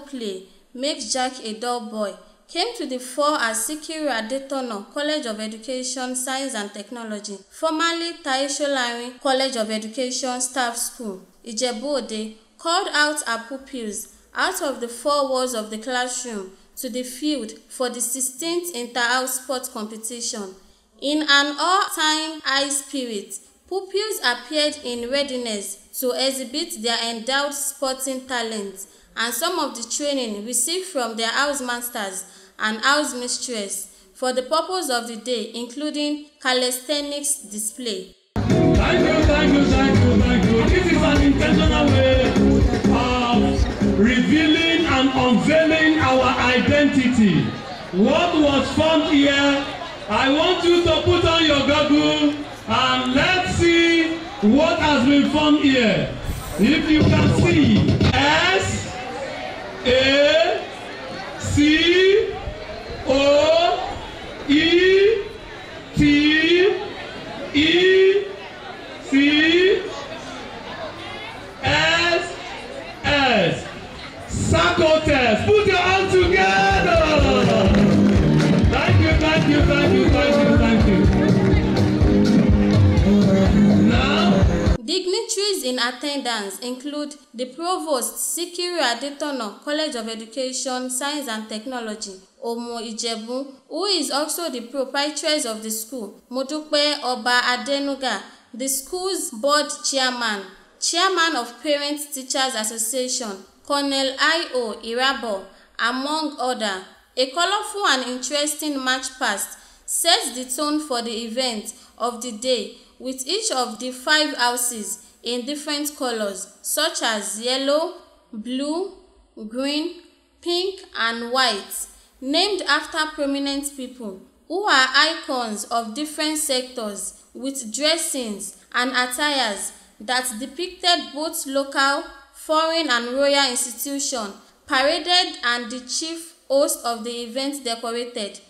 play makes Jack a dull boy came to the fore as Sikiru Adetono College of Education, Science and Technology, formerly Taisho College of Education Staff School, ijebu called out her pupils out of the four walls of the classroom to the field for the 16 Inter-House Sport Competition. In an all-time high spirit, pupils appeared in readiness to exhibit their endowed sporting talents and some of the training received from their housemasters and housemistress for the purpose of the day, including calisthenics display. Thank you, thank you, thank you, thank you. This is an intentional way of revealing and unveiling our identity. What was formed here, I want you to put on your goggles and let's see what has been formed here. If you can see. And eh? A C O E T E C S S. Circle test. Put your hands together. in attendance include the Provost, Sikiru Adetona College of Education, Science and Technology, Omo Ijebu, who is also the proprietress of the school, Modupe Oba Adenuga, the school's board chairman, chairman of Parents Teachers Association, Colonel I.O. Irabo, among others. A colorful and interesting march past sets the tone for the event of the day with each of the five houses in different colors such as yellow, blue, green, pink and white named after prominent people who are icons of different sectors with dressings and attires that depicted both local, foreign and royal institutions paraded and the chief host of the event decorated.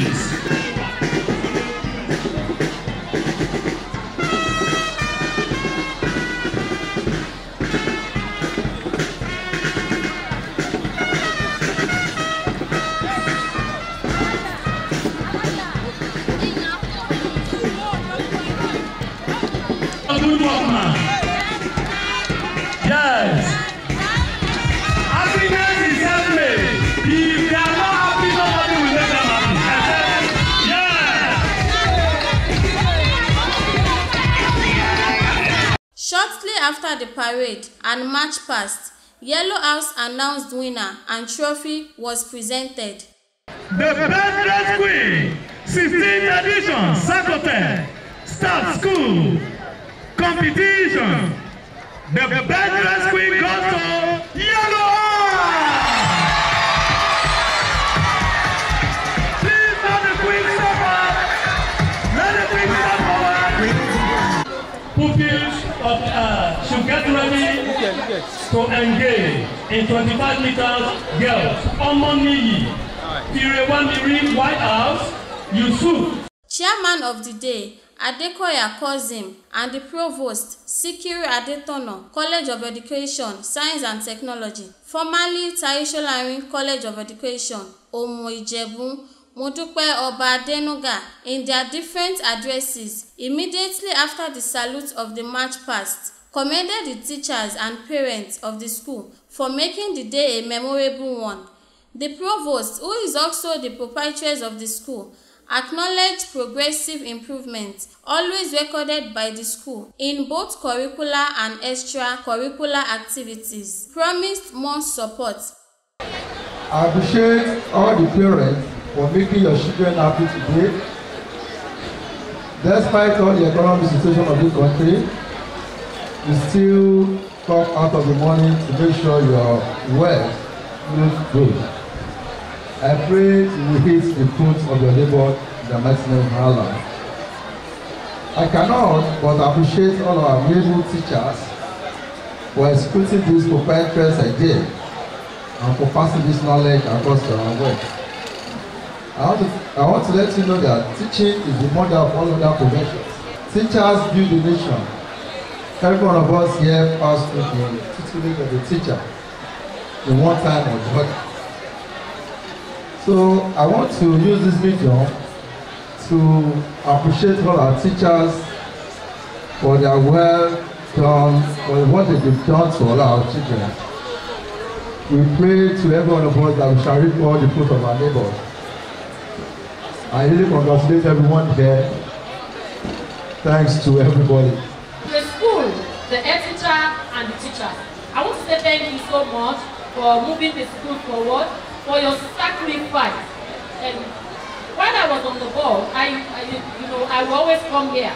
Please. after the parade and march past, Yellow House announced winner and trophy was presented. The Pendant Queen, 16th edition, Sakote, Staff School, competition. The Pendant Queen goes to Yellow House. to engage in twenty-five meters girls Ọmọníyì Firewamiri White House Yusuf. Chairman of the day Adekoya Kozim and the Provost Sikiru Adetona College of Education, Science and Technology, formerly Taisholarin College of Education, Omo Ijebu, Modupe Oba Adenuga, in their different addresses immediately after the salute of the march past commended the teachers and parents of the school for making the day a memorable one. The provost, who is also the proprietress of the school, acknowledged progressive improvements always recorded by the school in both curricular and extracurricular activities, promised more support. I appreciate all the parents for making your children happy today. Despite all the economic situation of this country, you still come out of the morning to make sure your are well look good i pray you hit the fruit of your labour in the mighty name of allah i cannot but appreciate all our able teachers for executing this proprietary idea and for passing this knowledge across the world. I want, to, I want to let you know that teaching is the mother of all other professions. Teachers build the nation Every one of us here passed through the tutelage of the teacher in one time or the other. So I want to use this medium to appreciate all our teachers for their well done, for what they've done to all our children. We pray to every one of us that we shall reap all the fruit of our labor. I really congratulate everyone here. Thanks to everybody. I want to say thank you so much for moving the school forward, for your sacrifice. And while I was on the board, I, I you know, I will always come here.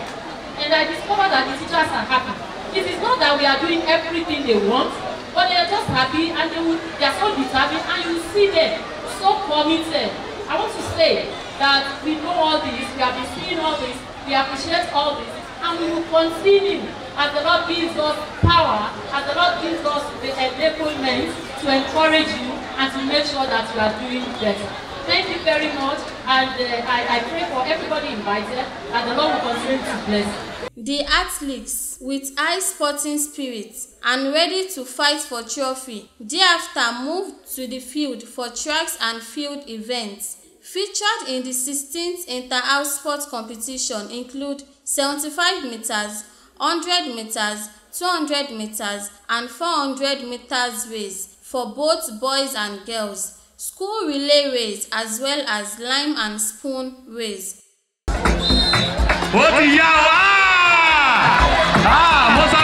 And I discovered that the teachers are happy. It is not that we are doing everything they want, but they are just happy and they, will, they are so determined and you see them so committed. I want to say that we know all this, we have been seeing all this, we appreciate all this, and we will continue as the Lord gives us power, as the Lord gives us the enablement to encourage you and to make sure that you are doing better. Thank you very much, and uh, I, I pray for everybody invited that the Lord will continue to bless you. The athletes, with high sporting spirit and ready to fight for trophy, thereafter moved to the field for tracks and field events. Featured in the 16th Inter-House Sports competition include 75 meters, 100 meters 200 meters and 400 meters race for both boys and girls school relay race as well as lime and spoon race. What ti yá Ah, mo sá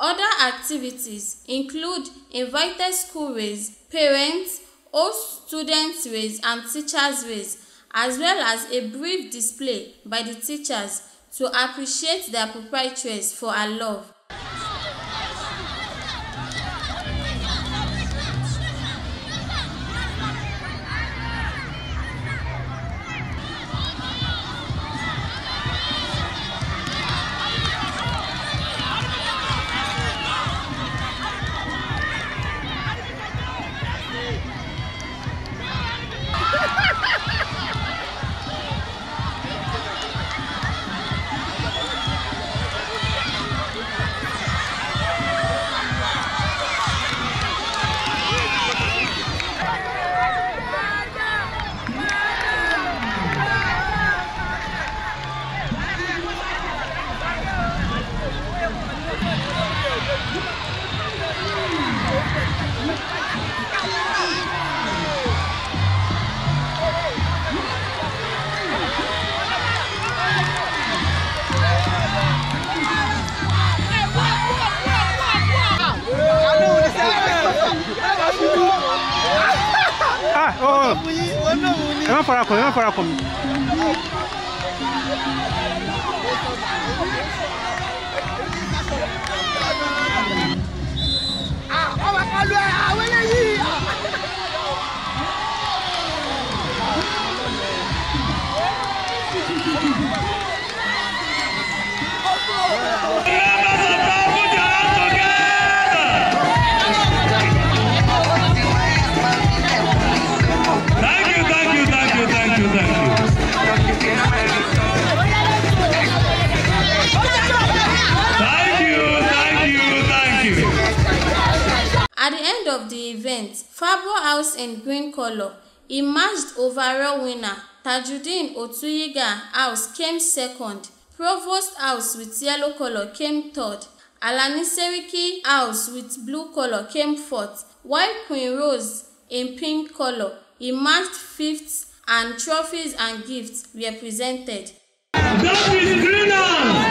Other activities include invited school race, parents, host students race and teachers race as well as a brief display by the teachers to appreciate their proprietress for her love. ẹ má fara kàn mí ẹ má fara kàn mí. Thank you. At the end of the event, Fabio house in green color emerged overall winner. Tajudeen Otuyiga house came second. Provost house with yellow color came third. Alani house with blue color came fourth, White Queen Rose in pink color emerged fifth and trophies and gifts were presented. That is greener!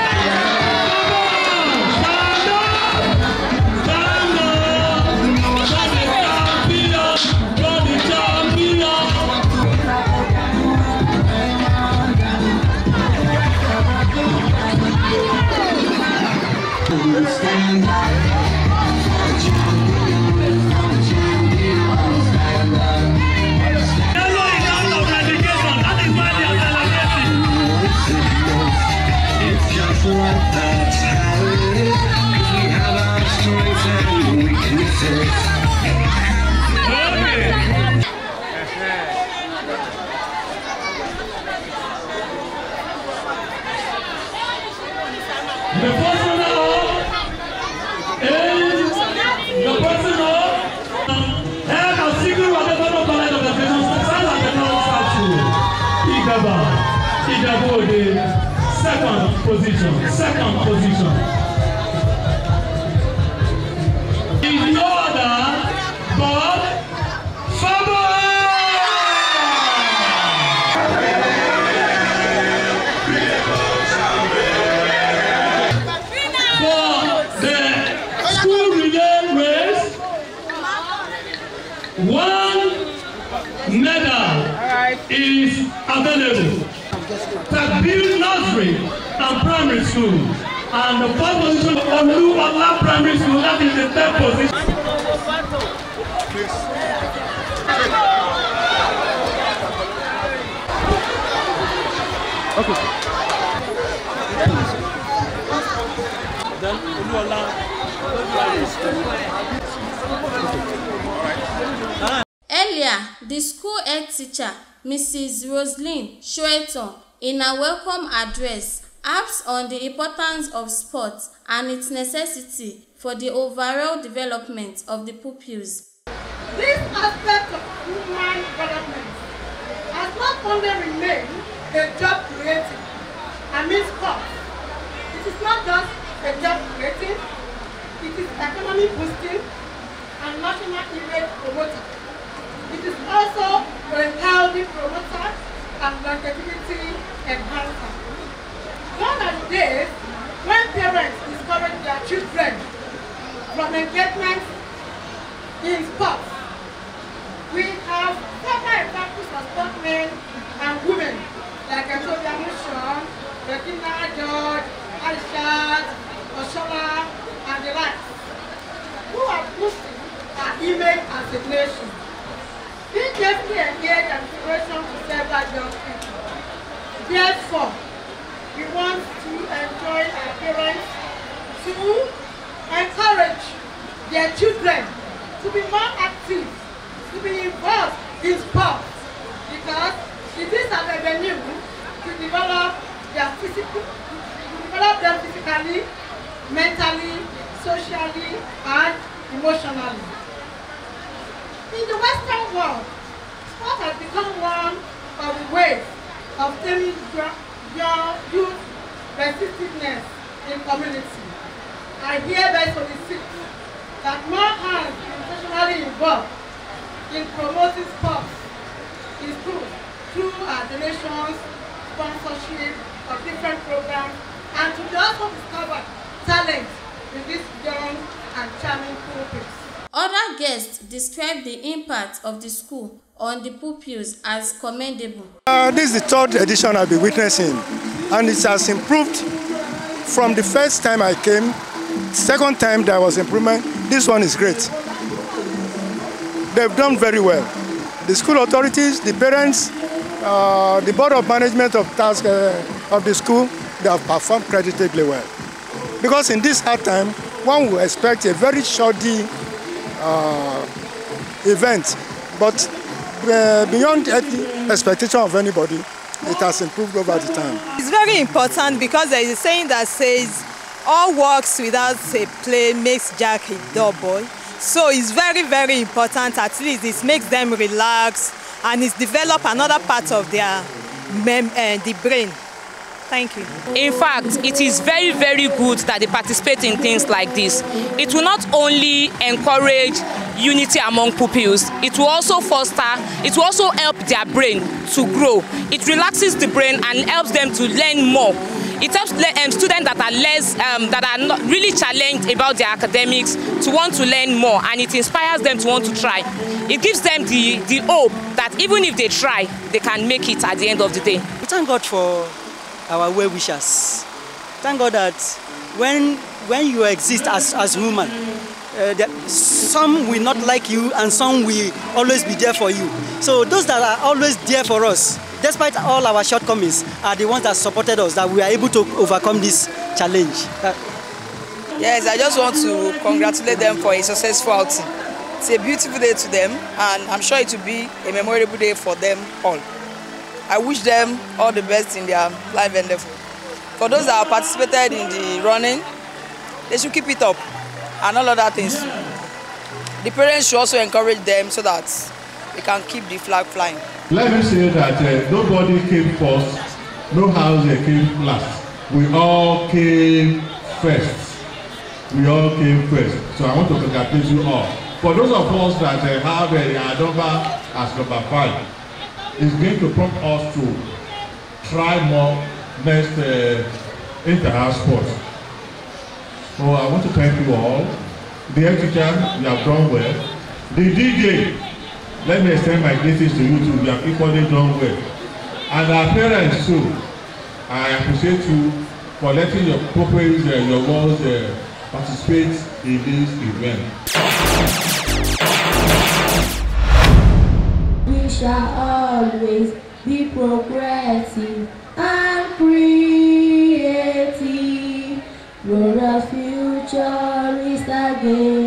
One medal is available. Takbir Nursery and Primary School. And the first position of Olu Allah Primary School, that is the third position. Okay. Then Olu Allah. the school head teacher, Mrs. Roseline Shoeton, in her welcome address, harped on the importance of sports and its necessity for the overall development of the pupils. This aspect of human development has not only remained a job creating, I mean sports. It is not just a job creating, it is economy boosting and national image promoting. It is also a healthy promoter and longevity enhancer. Gone are days when parents discourage their children from engagement in sports. We have former examples of sportsmen and women like Antonia Mushon, Regina George, Aishat, Oshola, and the likes, who are pushing our image as a nation. BJP engaged aspiration to several justice. Therefore, we want to enjoin our parents to encourage their children to be more active, to be involved in sports, because it is an avenue to develop their physical, to develop them physically, mentally, socially, and emotionally. In the Western world, sport has become one of the ways of telling young, your youth persistiveness in community. I hereby solicit that more hands intentionally involved in promoting sports is through, through our donations, sponsorship of different programs, and to also discover talent in this young and charming pulpits. Other guests described the impact of the school on the pupils as commendable. Uh, this is the third edition I've been witnessing, and it has improved from the first time I came. Second time there was improvement. This one is great. They've done very well. The school authorities, the parents, uh, the board of management of task uh, of the school, they have performed creditably well. Because in this hard time, one would expect a very shoddy uh, event. But uh, beyond expectation of anybody, it has improved over the time. It's very important because there is a saying that says, all works without a play makes Jack a dull boy. So it's very, very important. At least it makes them relax and it develop another part of their mem- uh, the brain. Thank you. In fact, it is very, very good that they participate in things like this. It will not only encourage unity among pupils, it will also foster, it will also help their brain to grow. It relaxes the brain and helps them to learn more. It helps um, students that are less, um, that are not really challenged about their academics to want to learn more and it inspires them to want to try. It gives them the, the hope that even if they try, they can make it at the end of the day. We thank God for our well wishers. Thank God that when, when you exist as, as human, uh, some will not like you and some will always be there for you. So those that are always there for us, despite all our shortcomings, are the ones that supported us, that we are able to overcome this challenge. Uh, yes, I just want to congratulate them for a successful outing. It's a beautiful day to them and I'm sure it will be a memorable day for them all. I wish them all the best in their life endeavor. For those that have participated in the running, they should keep it up and all other things. The parents should also encourage them so that they can keep the flag flying. Let me say that uh, nobody came first, no house came last. We all came first. We all came first. So I want to congratulate you all. For those of us that uh, have uh, Adomba as number five, is going to prompt us to try more next uh, inter-house sports. So I want to thank you all. The head you have done well. The DJ, let me extend my greetings to you too. You have equally done well. And our parents too, I appreciate you for letting your pupils, uh, your girls uh, participate in this event. shall always be progressive and creative. Your future is again.